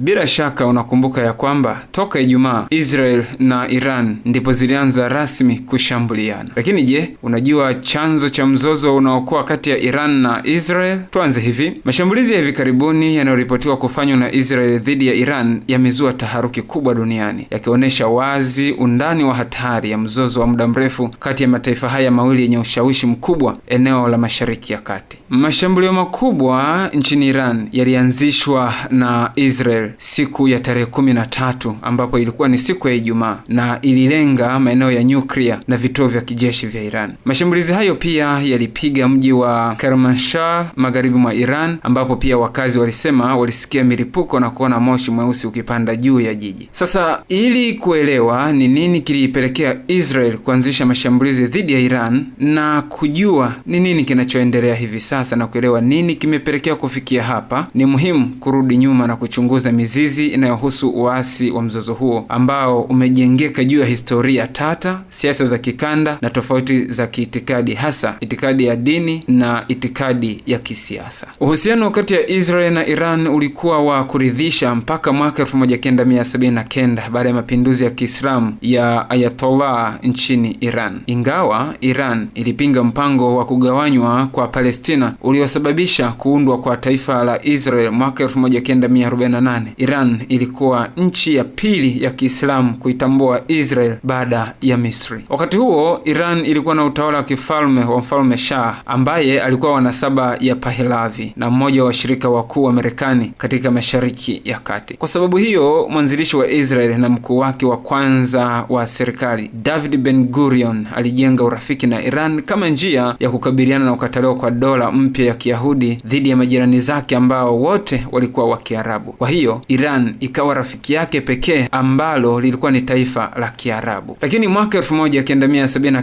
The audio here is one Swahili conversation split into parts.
Bila shaka unakumbuka ya kwamba toka Ijumaa Israel na Iran ndipo zilianza rasmi kushambuliana. Lakini je, unajua chanzo cha mzozo unaokuwa kati ya Iran na Israel? Tuanze hivi. Mashambulizi ya hivi karibuni yanayoripotiwa kufanywa na Israel dhidi ya Iran yamezua taharuki kubwa duniani, yakionyesha wazi undani wa hatari ya mzozo wa muda mrefu kati ya mataifa haya mawili yenye ushawishi mkubwa eneo la Mashariki ya Kati. Mashambulio makubwa nchini Iran yalianzishwa na Israel Israel siku ya tarehe kumi na tatu ambapo ilikuwa ni siku ya Ijumaa na ililenga maeneo ya nyuklia na vituo vya kijeshi vya Iran. Mashambulizi hayo pia yalipiga mji wa Kermanshah magharibi mwa Iran ambapo pia wakazi walisema walisikia milipuko na kuona moshi mweusi ukipanda juu ya jiji. Sasa ili kuelewa ni nini kiliipelekea Israel kuanzisha mashambulizi dhidi ya Iran na kujua ni nini kinachoendelea hivi sasa na kuelewa nini kimepelekea kufikia hapa, ni muhimu kurudi nyuma na kuchunguza mizizi inayohusu uasi wa mzozo huo ambao umejengeka juu ya historia tata, siasa za kikanda na tofauti za kiitikadi, hasa itikadi ya dini na itikadi ya kisiasa. Uhusiano kati ya Israel na Iran ulikuwa wa kuridhisha mpaka mwaka 1979 baada ya mapinduzi ya Kiislamu ya Ayatollah nchini Iran, ingawa Iran ilipinga mpango wa kugawanywa kwa Palestina uliosababisha kuundwa kwa taifa la Israel mwaka 1948 nane. Iran ilikuwa nchi ya pili ya Kiislamu kuitambua Israel baada ya Misri. Wakati huo Iran ilikuwa na utawala wa kifalme wa mfalme Shah ambaye alikuwa wanasaba ya Pahelavi na mmoja wa washirika wakuu wa Marekani katika Mashariki ya Kati. Kwa sababu hiyo, mwanzilishi wa Israel na mkuu wake wa kwanza wa serikali David Ben Gurion alijenga urafiki na Iran kama njia ya kukabiliana na ukataliwa kwa dola mpya ya Kiyahudi dhidi ya majirani zake ambao wote walikuwa wa Kiarabu. Kwa hiyo Iran ikawa rafiki yake pekee ambalo lilikuwa ni taifa la Kiarabu. Lakini mwaka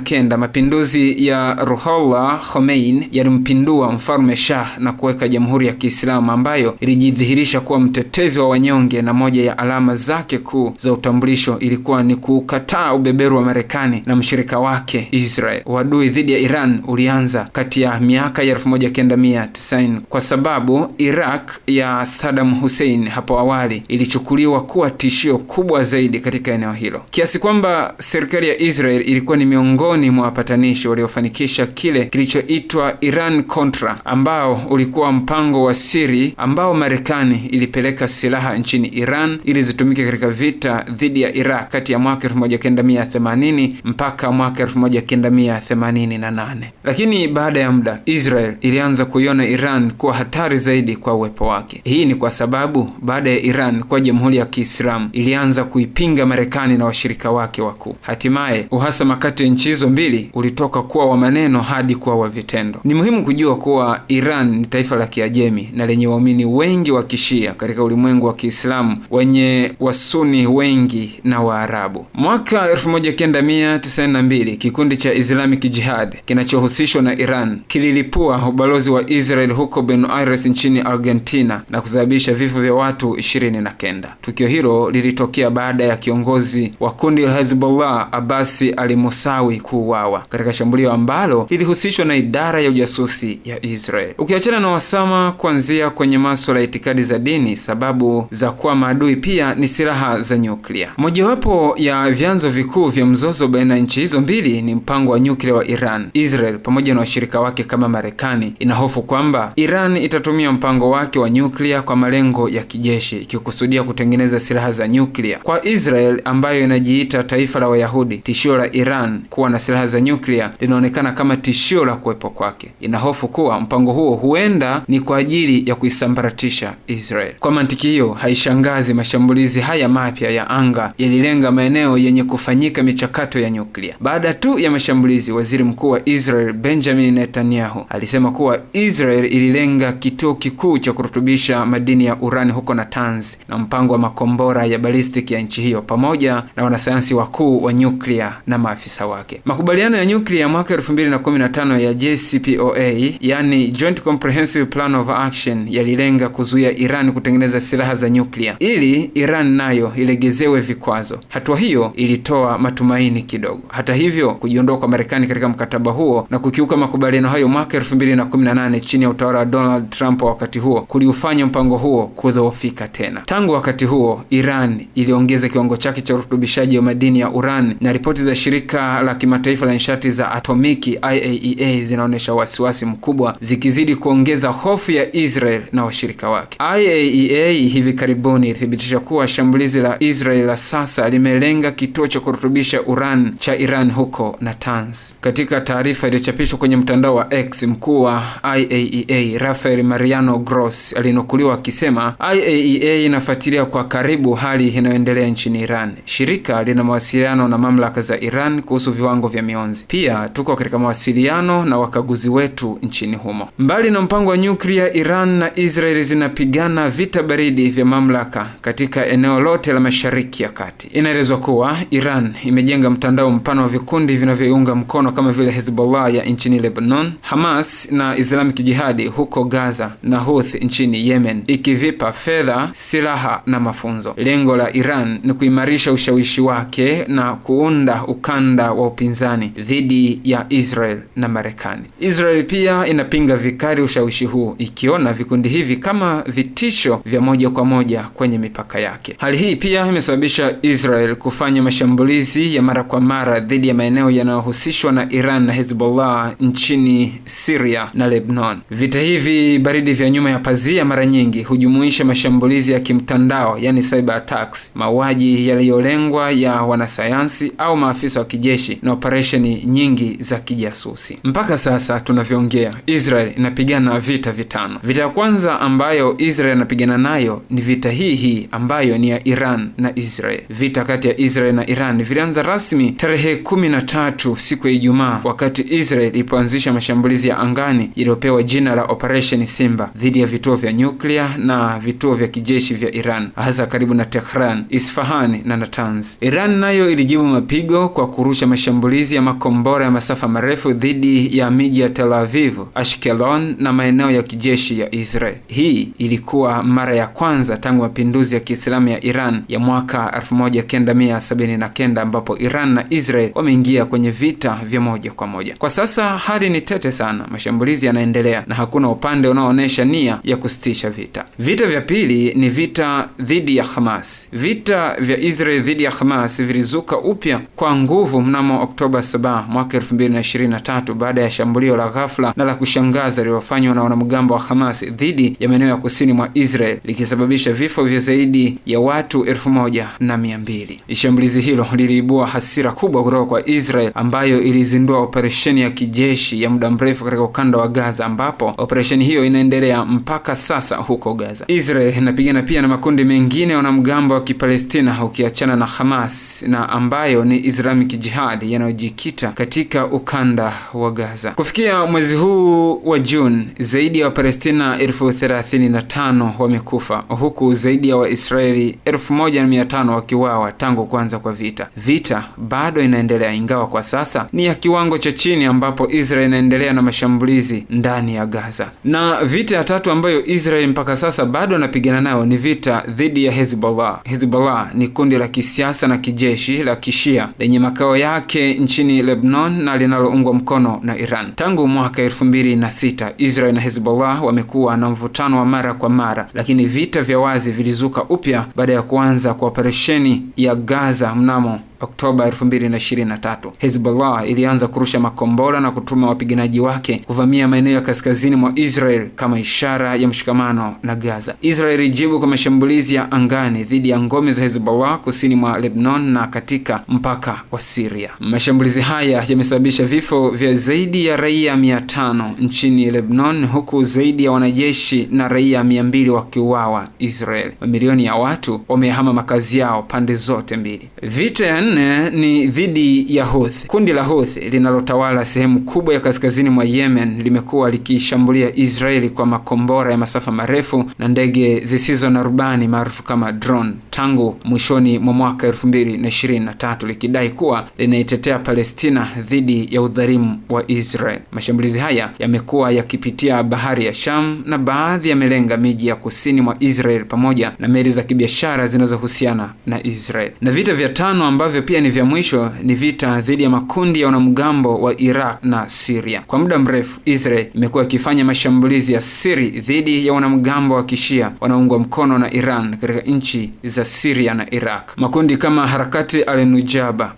kenda mapinduzi ya Ruhollah Khomeini yalimpindua mfalme Shah na kuweka jamhuri ya Kiislamu ambayo ilijidhihirisha kuwa mtetezi wa wanyonge, na moja ya alama zake kuu za utambulisho ilikuwa ni kukataa ubeberu wa Marekani na mshirika wake Israel. Uadui dhidi ya Iran ulianza kati ya miaka ya 1990 kwa sababu Iraq ya Saddam Hussein hapo awali ilichukuliwa kuwa tishio kubwa zaidi katika eneo hilo, kiasi kwamba serikali ya Israel ilikuwa ni miongoni mwa wapatanishi waliofanikisha kile kilichoitwa Iran Contra, ambao ulikuwa mpango wa siri ambao Marekani ilipeleka silaha nchini Iran ili zitumike katika vita dhidi ya Iraq kati ya mwaka 1980 mpaka mwaka 1988. Lakini baada ya muda Israel ilianza kuiona Iran kuwa hatari zaidi kwa uwepo wake. Hii ni kwa sababu baada ya Iran kwa Jamhuri ya Kiislamu ilianza kuipinga Marekani na washirika wake wakuu. Hatimaye uhasama kati ya nchi hizo mbili ulitoka kuwa wa maneno hadi kuwa wa vitendo. Ni muhimu kujua kuwa Iran ni taifa la Kiajemi na lenye waumini wengi wa Kishia katika ulimwengu wa Kiislamu wenye Wasuni wengi na Waarabu. Mwaka 1992 kikundi cha Islamic Jihad kinachohusishwa na Iran kililipua ubalozi wa Israel huko Buenos Aires nchini Argentina na kusababisha vifo vya watu 29. Tukio hilo lilitokea baada ya kiongozi wa kundi la Hezbollah Abasi Ali Musawi kuuawa katika shambulio ambalo lilihusishwa na idara ya ujasusi ya Israel. Ukiachana na wasama kuanzia kwenye masuala ya itikadi za dini, sababu za kuwa maadui pia ni silaha za nyuklia. Mojawapo ya vyanzo vikuu vya mzozo baina ya nchi hizo mbili ni mpango wa nyuklia wa Iran. Israel pamoja na washirika wake kama Marekani inahofu kwamba Iran itatumia mpango wake wa nyuklia kwa malengo ya kijeshi kijeshi ikikusudia kutengeneza silaha za nyuklia. Kwa Israel ambayo inajiita taifa la Wayahudi, tishio la Iran kuwa na silaha za nyuklia linaonekana kama tishio la kuwepo kwake. Inahofu kuwa mpango huo huenda ni kwa ajili ya kuisambaratisha Israel. Kwa mantiki hiyo, haishangazi mashambulizi haya mapya ya anga yalilenga maeneo yenye kufanyika michakato ya nyuklia. Baada tu ya mashambulizi, waziri mkuu wa Israel Benjamin Netanyahu alisema kuwa Israel ililenga kituo kikuu cha kurutubisha madini ya urani huko na tans na mpango wa makombora ya balistik ya nchi hiyo pamoja na wanasayansi wakuu wa nyuklia na maafisa wake. Makubaliano ya nyuklia mwaka 2015 ya JCPOA, yani Joint Comprehensive Plan of Action, yalilenga kuzuia Iran kutengeneza silaha za nyuklia ili Iran nayo ilegezewe vikwazo. Hatua hiyo ilitoa matumaini kidogo. Hata hivyo, kujiondoa kwa Marekani katika mkataba huo na kukiuka makubaliano hayo mwaka 2018 chini ya utawala wa Donald Trump wa wakati huo kuliufanya mpango huo kudhoofika kutumika tena. Tangu wakati huo, Iran iliongeza kiwango chake cha urutubishaji wa madini ya urani, na ripoti za shirika la kimataifa la nishati za atomiki IAEA e zinaonyesha wasiwasi mkubwa, zikizidi kuongeza hofu ya Israel na washirika wake. IAEA e hivi karibuni ilithibitisha kuwa shambulizi la Israel la sasa limelenga kituo cha kurutubisha urani cha Iran huko Natanz. Katika taarifa iliyochapishwa kwenye mtandao wa X, mkuu wa IAEA e Rafael Mariano Gross alinukuliwa akisema IAEA TPA e inafuatilia kwa karibu hali inayoendelea nchini Iran. Shirika lina mawasiliano na mamlaka za Iran kuhusu viwango vya mionzi. Pia tuko katika mawasiliano na wakaguzi wetu nchini humo. Mbali na mpango wa nyuklia, Iran na Israeli zinapigana vita baridi vya mamlaka katika eneo lote la Mashariki ya Kati. Inaelezwa kuwa Iran imejenga mtandao mpana wa vikundi vinavyoiunga mkono kama vile Hezbollah ya nchini Lebanon, Hamas na Islamic Jihadi huko Gaza na Houthi nchini Yemen, ikivipa fedha silaha na mafunzo. Lengo la Iran ni kuimarisha ushawishi wake na kuunda ukanda wa upinzani dhidi ya Israel na Marekani. Israel pia inapinga vikali ushawishi huu, ikiona vikundi hivi kama vitisho vya moja kwa moja kwenye mipaka yake. Hali hii pia imesababisha Israel kufanya mashambulizi ya mara kwa mara dhidi ya maeneo yanayohusishwa na Iran na Hezbollah nchini Syria na Lebanon. Vita hivi baridi vya nyuma ya pazia mara nyingi hujumuisha mashambulizi mashambulizi ya kimtandao yani cyber attacks, mauaji yaliyolengwa ya wanasayansi au maafisa wa kijeshi na operesheni nyingi za kijasusi. Mpaka sasa tunavyoongea, Israel inapigana vita vitano. Vita ya kwanza ambayo Israel inapigana nayo ni vita hii hii ambayo ni ya Iran na Israel. Vita kati ya Israel na Iran vilianza rasmi tarehe kumi na tatu siku ya Ijumaa, wakati Israel ilipoanzisha mashambulizi ya angani yaliyopewa jina la Operation Simba dhidi ya vituo vya nyuklia na vituo vya kijeshi vya Iran, hasa karibu na Tehran, Isfahani na Natanz. Iran nayo ilijibu mapigo kwa kurusha mashambulizi ya makombora ya masafa marefu dhidi ya miji ya Tel Aviv, Ashkelon na maeneo ya kijeshi ya Israel. Hii ilikuwa mara ya kwanza tangu mapinduzi ya Kiislamu ya Iran ya mwaka 1979 ambapo Iran na Israel wameingia kwenye vita vya moja kwa moja. Kwa sasa hali ni tete sana, mashambulizi yanaendelea na hakuna upande unaoonyesha nia ya kusitisha vita. Vita vya pili ni vita dhidi ya Hamas. Vita vya Israel dhidi ya Hamas vilizuka upya kwa nguvu mnamo Oktoba 7 mwaka 2023 baada ya shambulio la ghafla na la kushangaza lililofanywa na wanamgambo wa Hamas dhidi ya maeneo ya kusini mwa Israel likisababisha vifo vya zaidi ya watu elfu moja na mia mbili. Shambulizi hilo liliibua hasira kubwa kutoka kwa Israel ambayo ilizindua operesheni ya kijeshi ya muda mrefu katika ukanda wa Gaza ambapo operesheni hiyo inaendelea mpaka sasa huko Gaza. Israel inapigana pia na makundi mengine wanamgambo wa Kipalestina ukiachana na Hamas na ambayo ni Islamic Jihad yanayojikita katika ukanda wa Gaza. Kufikia mwezi huu wa Juni, zaidi ya Wapalestina elfu thelathini na tano wamekufa huku zaidi ya Waisraeli elfu moja na mia tano wakiwawa tangu kuanza kwa vita. Vita bado inaendelea, ingawa kwa sasa ni ya kiwango cha chini, ambapo Israel inaendelea na mashambulizi ndani ya Gaza, na vita ya tatu ambayo Israel mpaka sasa bado anapigana nayo ni vita dhidi ya Hezbollah. Hezbollah ni kundi la kisiasa na kijeshi la kishia lenye makao yake nchini Lebanon na linaloungwa mkono na Iran. Tangu mwaka elfu mbili na sita Israel na Hezbollah wamekuwa na mvutano wa mara kwa mara, lakini vita vya wazi vilizuka upya baada ya kuanza kwa operesheni ya Gaza mnamo Oktoba 2023, Hezbollah ilianza kurusha makombora na kutuma wapiganaji wake kuvamia maeneo ya kaskazini mwa Israel kama ishara ya mshikamano na Gaza. Israel ilijibu kwa mashambulizi ya angani dhidi ya ngome za Hezbollah kusini mwa Lebanon na katika mpaka wa Syria. Mashambulizi haya yamesababisha vifo vya zaidi ya raia 500 nchini Lebanon, huku zaidi ya wanajeshi na raia 200 wakiuawa Israel. Mamilioni ya watu wamehama makazi yao pande zote mbili. Vita nne ni dhidi ya Houthi. Kundi la Houthi linalotawala sehemu kubwa ya kaskazini mwa Yemen limekuwa likishambulia Israeli kwa makombora ya masafa marefu na ndege zisizo na rubani maarufu kama drone tangu mwishoni mwa mwaka 2023 likidai kuwa linaitetea Palestina dhidi ya udhalimu wa Israel. Mashambulizi haya yamekuwa yakipitia bahari ya Sham na baadhi yamelenga miji ya kusini mwa Israel pamoja na meli za kibiashara zinazohusiana na Israel. Na vita vya tano ambavyo ambavyo pia ni vya mwisho ni vita dhidi ya makundi ya wanamgambo wa Iraq na Siria. Kwa muda mrefu, Israel imekuwa ikifanya mashambulizi ya siri dhidi ya wanamgambo wa Kishia wanaungwa mkono na Iran katika nchi za Siria na Iraq. Makundi kama harakati Al-Nujaba,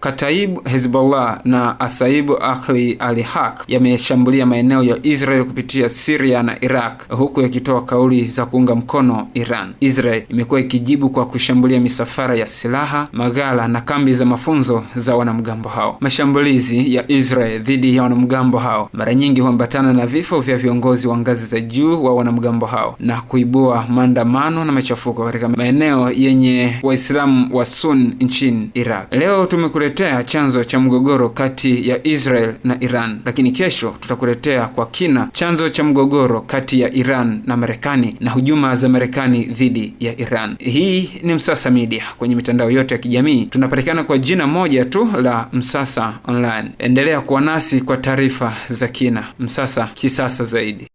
Hezbollah na Asaibu ahli ali haq yameshambulia maeneo ya Israel kupitia Siria na Iraq, huku yakitoa kauli za kuunga mkono Iran. Israel imekuwa ikijibu kwa kushambulia misafara ya silaha, maghala na kambi za mafunzo za wanamgambo hao. Mashambulizi ya Israel dhidi ya wanamgambo hao mara nyingi huambatana na vifo vya viongozi wa ngazi za juu wa wanamgambo hao na kuibua maandamano na machafuko katika maeneo yenye Waislamu wa sun nchini Iraq. Leo tumekuletea chanzo cha mgogoro kati ya Israel na Iran, lakini kesho tutakuletea kwa kina chanzo cha mgogoro kati ya Iran na Marekani na hujuma za Marekani dhidi ya Iran. Hii ni Msasa Media kwenye mitandao yote ya kijamii tunapatikana kwa jina moja tu la Msasa Online. Endelea kuwa nasi kwa taarifa za kina. Msasa kisasa zaidi.